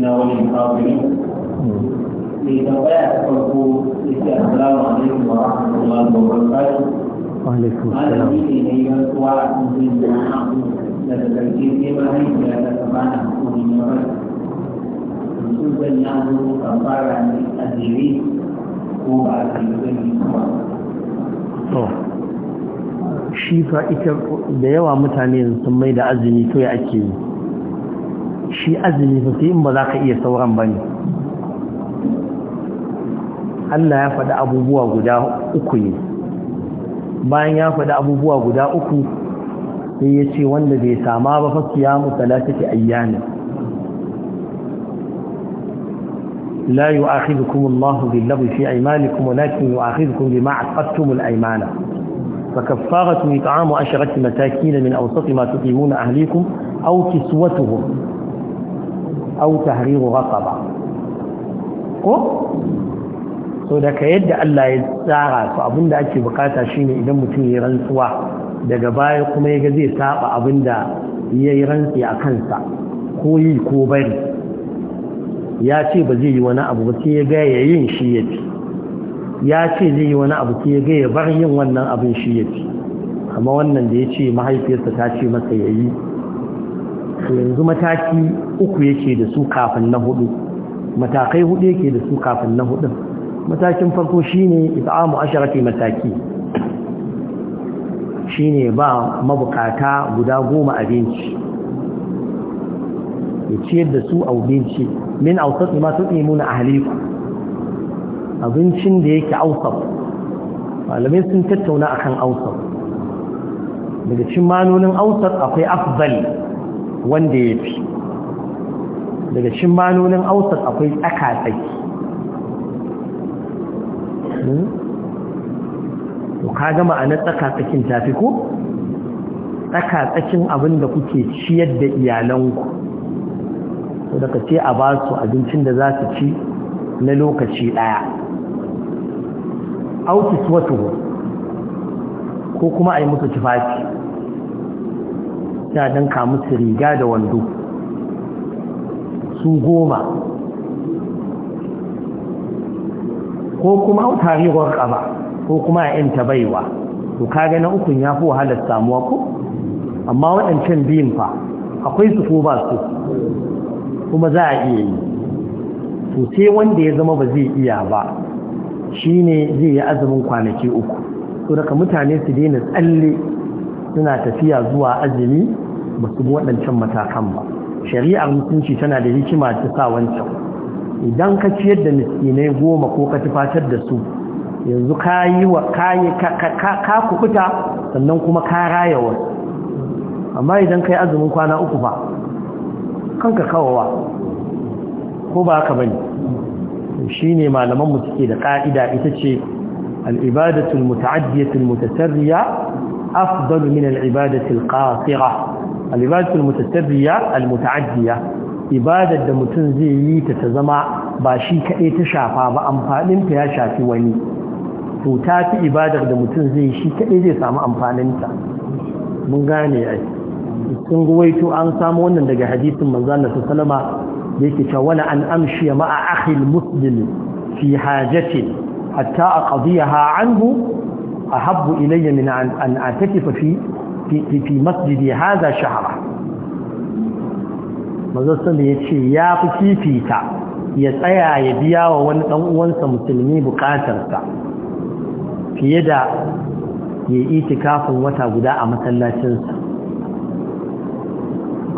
لشيخنا وللحاضرين في بقايا الحقوق السلام عليكم ورحمة الله وبركاته وعليكم السلام. في أيها الأخوة من نتذكر فيما هي لا تتمنى أن يكون خصوصا يعمل كفارة الأجري وبعد shi ita da yawa mutane sun mai da azumi to ya ake yi shi azumi sosai in ba za ka iya sauran ba ne Allah ya faɗi abubuwa guda uku ne bayan ya faɗi abubuwa guda uku sai ya ce wanda bai sama ba fasiya musala take ayyana لا يؤاخذكم الله باللغو في أيمانكم ولكن يؤاخذكم بما عقدتم الأيمان فكفارة إطعام عشرة مساكين من أوسط ما تطعمون أهليكم أو كسوتهم aw tahriru raqaba ko so daga yadda Allah ya tsara su da ake bukata shine idan mutum ya rantsuwa daga baya kuma yaga zai saba da ya yi rantsi a kansa ko yi ko bari ya ce ba zai yi wani abu ba sai ya ga ya yin shi ya ci. ya ce zai yi wani abu sai ya ga ya bar yin wannan abin shi ya ci. amma wannan da ya ce mahaifiyarsa ta ce masa ya yi wato yanzu mataki uku yake da su kafin na hudu matakai hudu yake da su kafin na hudun matakin farko shine it'amu asharati mataki shine ba mabukata guda goma abinci ya ciyar da su a abinci min ausat ma na ahliku abincin da yake ausat malamai sun tattauna akan ausat daga cin manonin ausat akwai afdal wanda ya fi daga cin manonin ausar akwai tsaka hmm? to ka gama a na tsaka-tsakin tafi ko? tsaka-tsakin abin kuke ciyar da iyalanku daga ce a ba su abincin da za su ci na lokaci ɗaya autis wato ko kuma a yi musu tufafi ta danka musu riga da wando su goma ko kuma au ƙaba ko kuma a ta baiwa to kaga na ukun ya fi wahalar samuwa ko amma waɗancan biyun fa akwai su ko ba su kuma za a iya yi to sai wanda ya zama ba zai iya ba shi ne zai yi azumin kwanaki uku to daga mutane su daina tsalle suna tafiya zuwa azumi ba su bi waɗancan matakan ba shari'ar mutunci tana da hikima ta sa wancan idan ka ciyar da miskinai goma ko ka tufatar da su yanzu ka yi wa ka kukuta sannan kuma ka raya wasu amma idan ka yi azumin kwana uku ba kanka kawawa. ko ba haka bane shi ne malamanmu suke da ƙa'ida ita ce al'ibadatul muta'addiyatul mutasarriya afdal min al'ibadatul ƙasira alibatu ibadatul mutatabbiya ibadar da mutum zai yi ta ta zama ba shi kaɗai ta shafa ba amfanin ya shafi wani to ta fi ibadar da mutum zai yi shi kaɗai zai samu amfaninta ta mun gane ai sun ruwaito an samu wannan daga hadisin manzo Allah sallama da yake cewa an amshi ma'a akhi muslim fi hajati hatta aqdiha anhu ahabbu ilayya min an atakifa fi fi fi masjidi shahara mazarsa da ya ce ya fi fifita ya tsaya ya biya wa wani ɗan uwansa musulmi buƙatarsa fiye da ya iti kafin wata guda a masallacinsa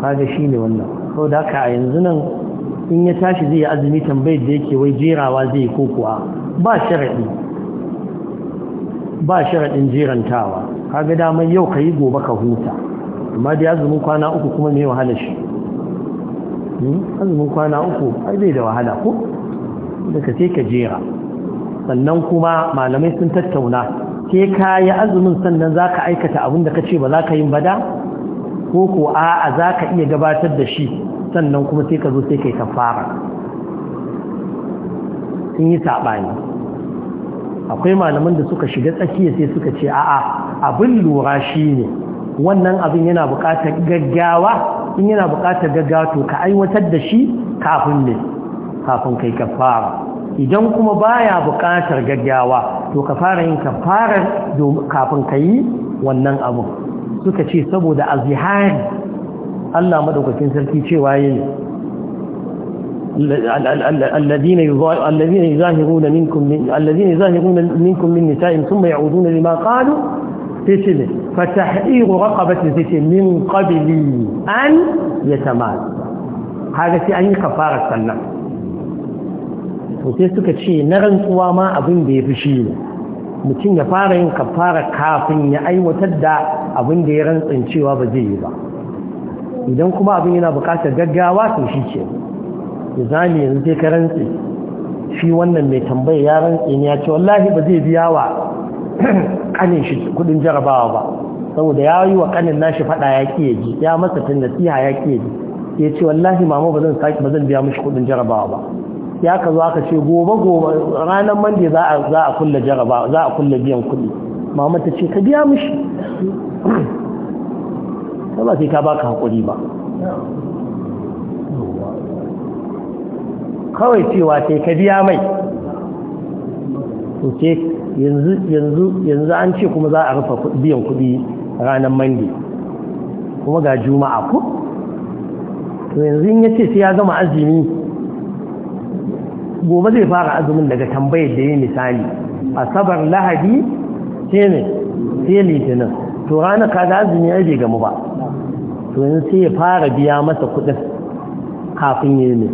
kaga shi ne wannan sau da haka a yanzu nan in ya tashi zai azumi tambayar da yake wai jerawa zai ko kuwa ba ba sharaɗin jerantawa kaga daman yau ka yi gobe ka huta amma da azumin kwana uku kuma mai wahala shi hmm? azumin kwana uku ai bai da wahala ko da ka ce ka jera sannan kuma malamai sun tattauna sai ka yi azumin sannan za ka aikata abin da ka ce ba za ka yi bada ko ko a'a za ka iya gabatar da shi sannan kuma sai ka zo sai ka yi fara. sun yi saɓani akwai malaman da suka shiga tsakiya sai suka ce a'a abin lura shi ne, wannan abin yana buƙatar gaggawa in yana buƙatar gaggawa to ka aiwatar da shi kafin ne kafin kai fara. idan kuma baya buƙatar gaggawa to ka fara yin kafarar kafin ka yi wannan abin suka ce saboda azihari Allah madaukakin sarki cewa yayi الذين الذين يظاهرون منكم من الذين يظاهرون منكم من نسائهم ثم يعودون لما قالوا تتم فتحقيق رقبة تتم من قبل أن يتمال هذا في أي كفارة سنة sosai suka ce na rantsuwa ma abin ya shi ne mutum ya fara yin kafara kafin ya aiwatar da abin da ya rantsancewa cewa ba zai yi ba idan kuma abin yana bukatar gaggawa to shi ce ya zane yanzu sai ka rantse shi wannan mai tambaya ya rantse ne ya ce wallahi ba zai biya wa kanin shi kudin jarabawa ba saboda ya yi wa kanin nashi fada ya ki ji ya masa tun nasiha ya ki ji ya ce wallahi mama ba zan saki ba zan biya mishi kudin jarabawa ba ya ka zo aka ce gobe gobe ranar mande za a za biyan kudi mama ta ce ka biya mishi ba sai ka baka hakuri ba kawai cewa sai ka biya mai ce yanzu an ce kuma za a rufe biyan kuɗi ranar mangi, kuma ga juma'a ku to yanzu in ya ce sai ya gama azumi gobe zai fara azumin daga tambayar da ya misali asabar lahadi sai litinin to ranar kaga azumi ya bai gamu ba to yanzu sai ya fara biya masa kuɗin kafin yi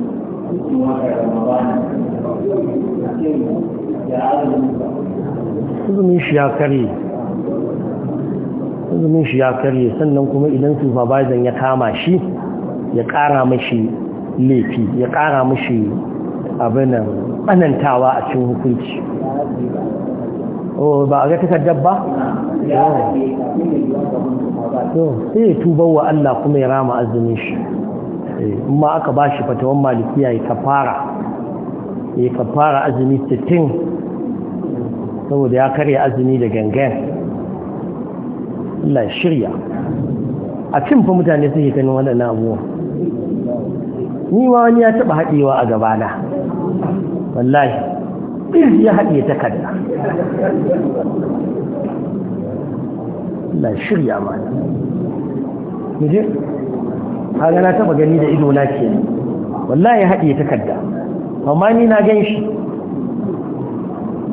azumin shi ya karye shi ya sannan kuma idan supervisor ya kama shi ya kara mashi laifi ya kara mashi abinan tsanantawa a cikin hukunci oh, ba a ga takardar ba? Oh. sai ya tuba wa Allah kuma ya rama azumin shi in ma aka ba shi fatawan malikiya ya kafara ya kafara azumi 60 saboda ya karya azumi da gangan la shirya a cin fa mutane suke ganin waɗannan abuwa ni ma wani ya taɓa haɗewa a gabana wallahi ya haɗe ta kalla la shirya ma kaga na taba gani da ido na ke wallahi haɗe takarda amma ni na gan shi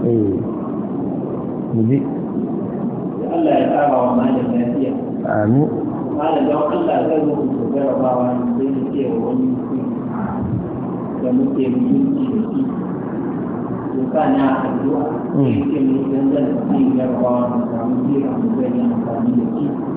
eh Allah ya tsara wa malam lafiya amin malam don Allah zai rubuta jarabawa ne zai ce wani da muke mutunci da shi doka na addu'a mm. shi ke mutunci da shi jarabawa da samu jira mu zai yi amfani da shi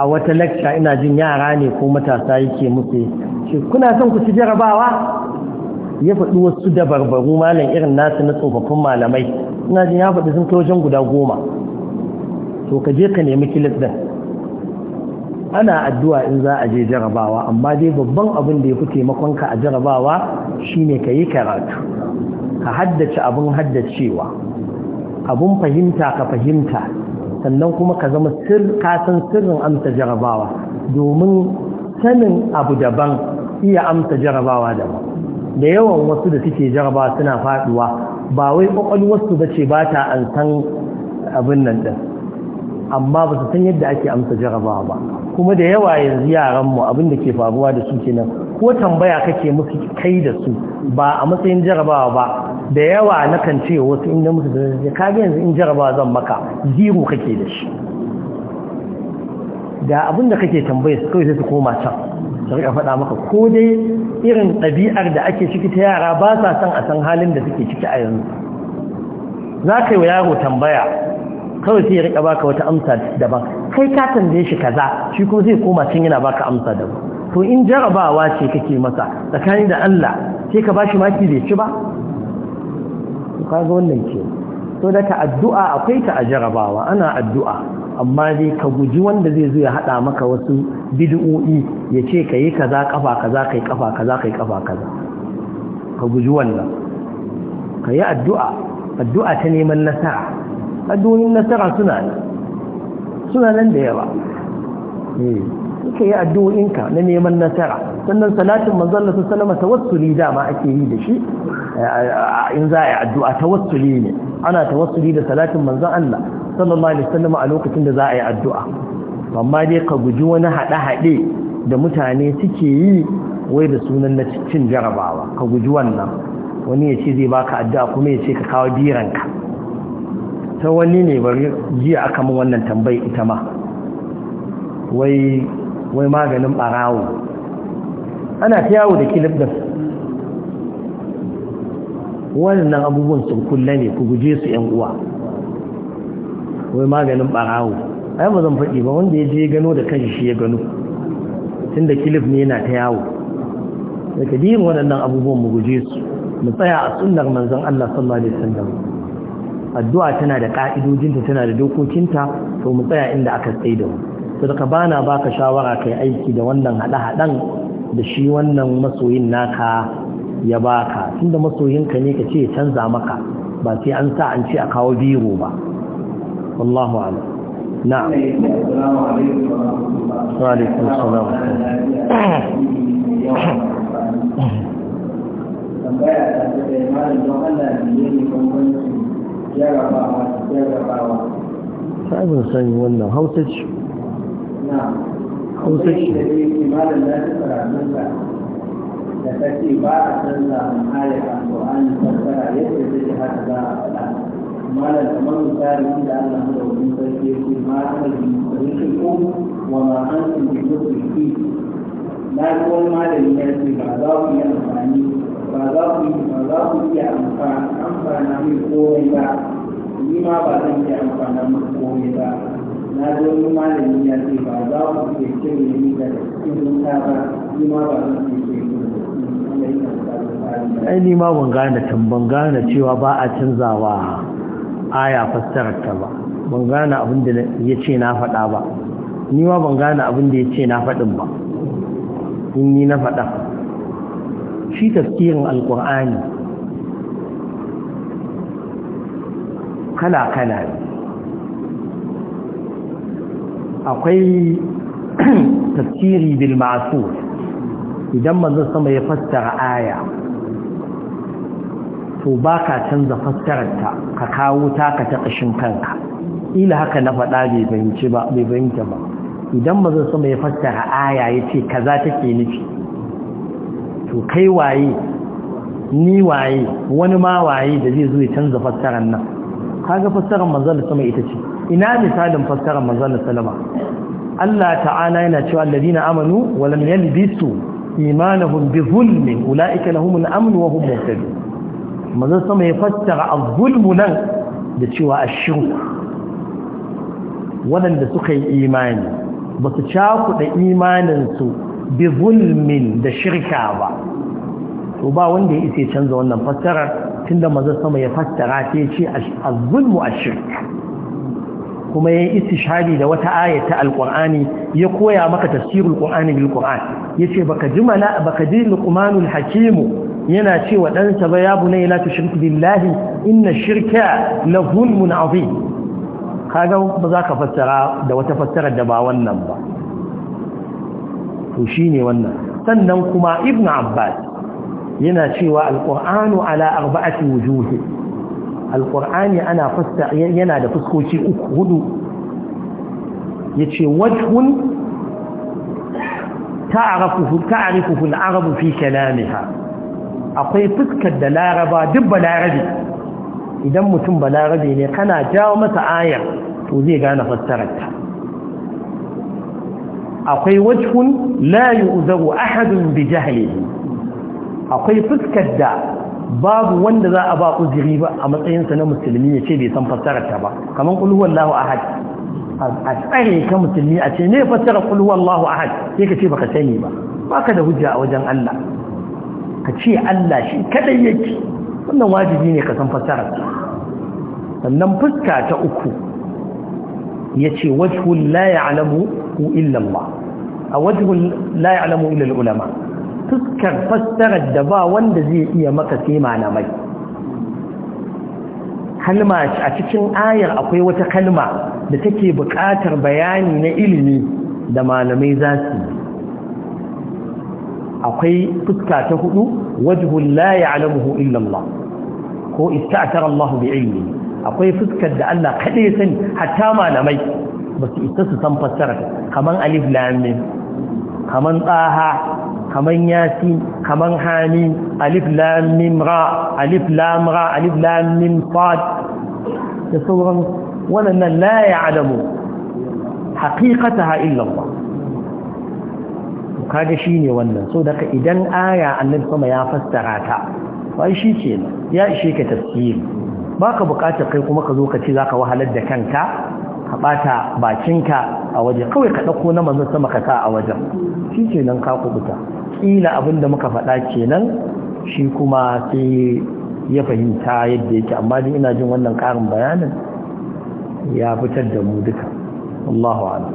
a wata lacca ina jin yara ne ko matasa yake musu shi kuna son ku ci jarabawa ya faɗi wasu dabarbaru malam irin nasu na tsofaffin malamai ina jin ya faɗi sun wajen guda goma to ka je ka nemi kilis ɗin ana addu'a in za a je jarabawa amma dai babban abin da ya fi taimakon ka a jarabawa shine ka yi karatu ka haddace abin haddacewa abin fahimta ka fahimta sannan kuma ka zama sir ka sirrin amsa jarabawa domin sanin abu daban iya amsa jarabawa daban da yawan wasu da suke jarabawa suna faduwa ba wai kwakwalwarsu ba ce ba ta an san abin nan din amma ba su san yadda ake amsa jarabawa ba kuma da yawa yanzu yaranmu abin da ke faruwa da su kenan ko tambaya kake musu kai da su ba a matsayin jarabawa ba da yawa na kan ce wasu inda musu da zai ga yanzu in jarabawa zan maka zero kake da shi da abin da kake tambaya su kawai sai su koma can su rika faɗa maka ko dai irin ɗabi'ar da ake ciki ta yara ba sa son a san halin da suke ciki a yanzu za ka yi wa yaro tambaya kawai sai ya rika baka wata amsa daban kai ka tambaye shi kaza shi kuma zai koma can yana baka amsa daban to in jarabawa ce kake masa tsakani da Allah ce ka bashi maki bai ci ba kaga wannan ke to da ka addu'a akwai ta a jarabawa ana addu'a amma dai ka guji wanda zai zo ya hada maka wasu bid'o'i ya ce ka yi kaza kafa kaza kai kafa kaza kai kafa kaza ka guji wannan ka yi addu'a addu'a ta neman nasara addu'o'in nasara suna nan suna nan da yawa Suke yi addu'o'inka na neman nasara sannan salatin manzalla su salama tawassuli dama ake yi da shi eh, in za a yi addu'a tawassuli ne ana tawassuli da salatin manzan Allah sallallahu alaihi wasallam a lokacin da za a yi addu'a amma dai ka guji wani haɗe-haɗe da mutane suke yi wai da sunan na cin jarabawa ka guji wannan wani ya ce zai baka addu'a kuma ya ce ka kawo biranka ta wani ne bari jiya aka min wannan tambayi ita ma wai maganin barawo ana ta yawo da kilif da wannan abubuwan sun kulle ne ku guje su yan uwa wai maganin barawo a ba zan faɗi ba wanda ya je gano da kan shi ya gano tunda kilif ne yana ta yawo daga yin waɗannan abubuwan mu guje su mu tsaya a sunnar manzon Allah sallallahu alaihi wasallam addu'a tana da ka'idojinta tana da dokokinta to mu tsaya inda aka tsaye da mu sadaka bana baka shawara kai aiki da wannan hada-hadan da shi wannan masoyin naka ya baka tunda masoyinka ne ka ce canza maka ba sai an sa an ce a kawo biro ba wallahu a'lam na'am wa alaikum assalam tambaya ta ce malam don sai wannan hausa ce hausa ce da ta ce ba a canza mahayar alƙur'ani fassara yadda take haka za a faɗa malam kamar misali da Allah da wani sarki ya ce ma ana bi ko wa ma an ko sarki na ji wani ya ce ba za ku yi amfani ba za ku yi ba za ku iya amfana mai komai ba ni ma ba zan iya amfana ko ba na zo wani malami ya ce ba za ku ke ce ne ni da cikin ta ba ni ma ba za ku ke ce ai ni ma ban gane tun ban gane cewa ba a canzawa aya fassarar ta ba ban gane abin da ya ce na faɗa ba ni ma ban gane abin da ya ce na faɗin ba in ni na faɗa shi tafsirin alƙur'ani kala-kala ne akwai tafsiri bil masu idan manzon sama ya fassara aya to ba ka canza fassararta ka kawo taka ta ƙashin kanka ila haka na faɗa bai fahimci ba bai fahimta ba idan manzon sama ya fassara aya ya ce kaza take nufi to kai waye ni waye wani ma waye da zai zo ya canza fassarar nan kaga fassarar manzon sama ita ce ina misalin fassarar manzon sallama Allah ta'ala yana cewa alladina amanu wa lam yalbisu imanahum bi zulmin ulaika lahumul amn wa hum muhtadun manzon sama ya fassara az-zulm nan da cewa ash-shirk wadanda suka yi imani ba su cakuɗa imaninsu bi zulmin da shirka ba to ba wanda ya isa canza wannan fassarar tunda manzon sama ya fassara ta ce a zulmu ash-shirk kuma ya istishari da wata aya ta alqur'ani ya koya maka tafsirul qur'ani bil qur'an yace baka jimala baka ji luqmanul hakim yana cewa dan sa ba ya bunai la tushrik billahi inna shirka la zulmun azim kaga ba za ka fassara da wata fassarar da ba wannan ba to shine wannan sannan kuma ibnu abbas yana cewa alqur'anu ala arba'ati wujuhi القرآن أنا فست ينا دا فسكوشي أك هدو يتشي وجه تعرفه تعرفه العرب في كلامها أقول فسك الدلا ربا دب لا ربي إذا متم بلا ربي لقنا جاومة آية توزي غانا فسترتها أقول وجه لا يؤذر أحد بجهله أقول فسك الدلا babu wanda za a ba uzuri ba a matsayinsa na musulmi ya ce bai san fassarar ta ba kamar qul huwallahu ahad a tsare ka musulmi a ce ne fassarar qul huwallahu ahad sai ka ce baka sani ba ka da hujja a wajen Allah ka ce Allah shi kadai yake wannan wajibi ne ka san fassarar sannan fuska ta uku yace wajhul la ya'lamu illa Allah a wajhul la illa ulama fuskar fassarar da ba wanda zai iya maka sai malamai kalma a cikin ayar akwai wata kalma da take buƙatar bayani na ilimi da malamai za su akwai fuska ta hudu wajhul la ya'lamuhu illa ko ista'tara Allah bi ilmi akwai fuskar da Allah kadai sani hatta malamai ba su isa su san fassarar kamar alif lam mim kaman tsaha kaman yasi kaman hami alif lam mim ra alif lam ra alif lam mim sad da sauran wannan la ya'lamu haqiqataha illa Allah kaga shine wannan so daga idan aya annabi sama ya fassara ta wai shi kenan ya ishe ka tafsiri baka bukatar kai kuma ka zo ka ce zaka wahalar da kanka ka bata bakinka a waje kawai ka ɗauko na manzon sama ka sa a wajen shi ce nan ka kubuta kila abin da muka faɗa kenan shi kuma sai ya fahimta yadda yake amma din ina jin wannan ƙarin bayanin ya fitar da mu duka Allahu a'lam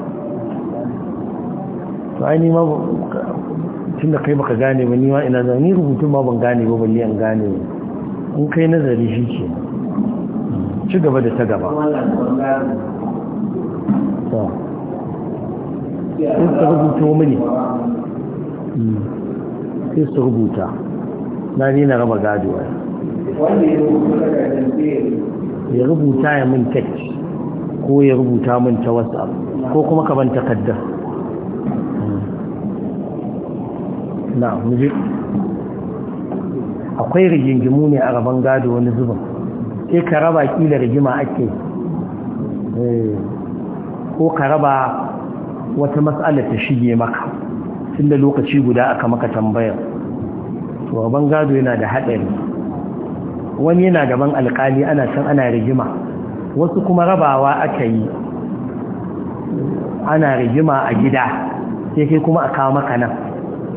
to ai ni ma tun da kai baka gane ba ni ma ina zan ni rubutun ma ban gane ba balle an gane in kai nazari shi ke ci gaba da ta gaba to in ka rubuto mini hmm. sai su rubuta na ni na raba gado ya rubuta ya min text ko ya rubuta min ta whatsapp ko kuma ka ban takaddar hmm. na muje akwai rigingimu ne a raban gado wani zubin sai ka raba kila rigima ake eh, ko ka raba wata matsala ta shige maka tun da lokaci guda aka maka tambayar to rabon gado yana da haɗari wani yana gaban alkali ana can ana rigima wasu kuma rabawa aka yi ana rigima a gida sai kai kuma a kawo maka nan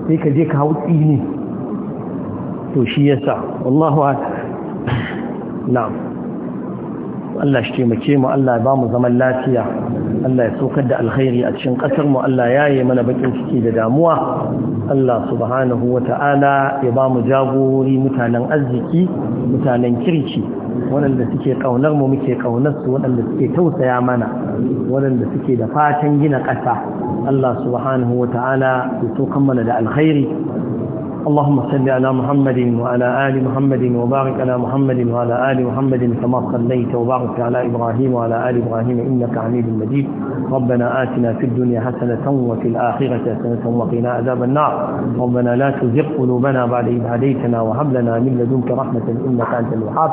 sai ka je ka hau tsini to shi yasa wallahu na'am Allah shi taimake mu Allah ba mu zaman lafiya Allah ya saukar da alkhairi a cikin ƙasar mu Allah ya yi mana bakin ciki da damuwa Allah subhanahu wa ta'ala ya ba mu jagori mutanen arziki mutanen kirki waɗanda suke ƙaunar mu muke ƙaunar su waɗanda suke tausaya mana waɗanda suke da fatan gina ƙasa Allah subhanahu wa ta'ala ya saukar mana da alkhairi اللهم صل على محمد وعلى آل محمد وبارك على محمد وعلى آل محمد كما صليت وبارك على إبراهيم وعلى آل إبراهيم إنك حميد مجيد ربنا آتنا في الدنيا حسنة وفي الآخرة حسنة وقنا عذاب النار ربنا لا تزغ قلوبنا بعد إذ هديتنا وهب لنا من لدنك رحمة إنك أنت الوهاب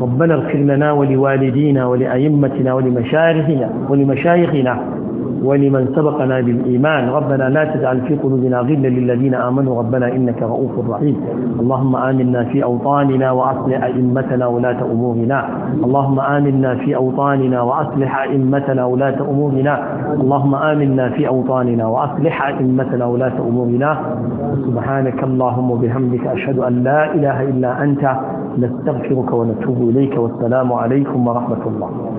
ربنا اغفر لنا ولوالدينا ولأئمتنا ولمشايخنا ولمشايخنا ولمن سبقنا بالإيمان ربنا لا تجعل في قلوبنا غلا للذين آمنوا ربنا إنك رؤوف رحيم اللهم آمنا في أوطاننا وأصلح أئمتنا ولاة أمورنا اللهم آمنا في أوطاننا وأصلح أئمتنا ولاة أمورنا اللهم آمنا في أوطاننا وأصلح أئمتنا ولاة أمورنا سبحانك اللهم وبحمدك أشهد أن لا إله إلا أنت نستغفرك ونتوب إليك والسلام عليكم ورحمة الله